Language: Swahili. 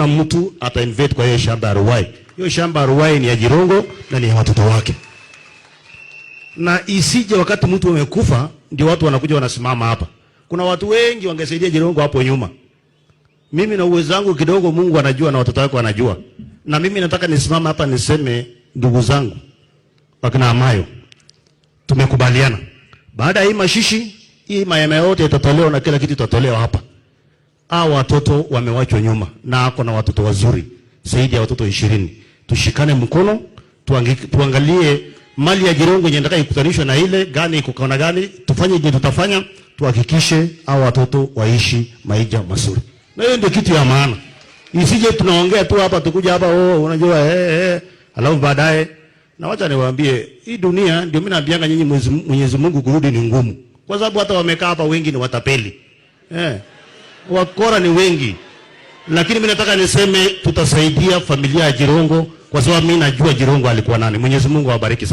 hakuna mtu ata invite kwa hiyo shamba ya Ruwai. Hiyo shamba ya Ruwai ni ya Jirongo na ni ya watoto wake, na isije wakati mtu amekufa ndio watu wanakuja wanasimama hapa. Kuna watu wengi wangesaidia Jirongo hapo nyuma. Mimi na uwezo wangu kidogo, Mungu anajua na watoto wake wanajua, na mimi nataka nisimama hapa niseme, ndugu zangu wakina Amayo, tumekubaliana baada ya hii mashishi hii mayema yote itatolewa na kila kitu itatolewa hapa hawa watoto wamewachwa nyuma, na ako na watoto wazuri zaidi ya watoto ishirini. Tushikane mkono tuangi, tuangalie mali ya Girongo yenye ndaka ikutanishwe na ile gani iko kona gani, tufanye je, tutafanya tuhakikishe hawa watoto waishi maisha mazuri, na hiyo ndio kitu ya maana. Isije tunaongea tu hapa tukuja hapa oh, unajua eh, eh, alafu baadaye. Na wacha niwaambie hii dunia, ndio mimi naambianga nyinyi, Mwenyezi Mungu kurudi ni ngumu, kwa sababu hata wamekaa hapa wengi ni watapeli eh wakora ni wengi, lakini mimi nataka niseme tutasaidia familia ya Jirongo kwa sababu mimi najua Jirongo alikuwa nani. Mwenyezi Mungu awabariki sana.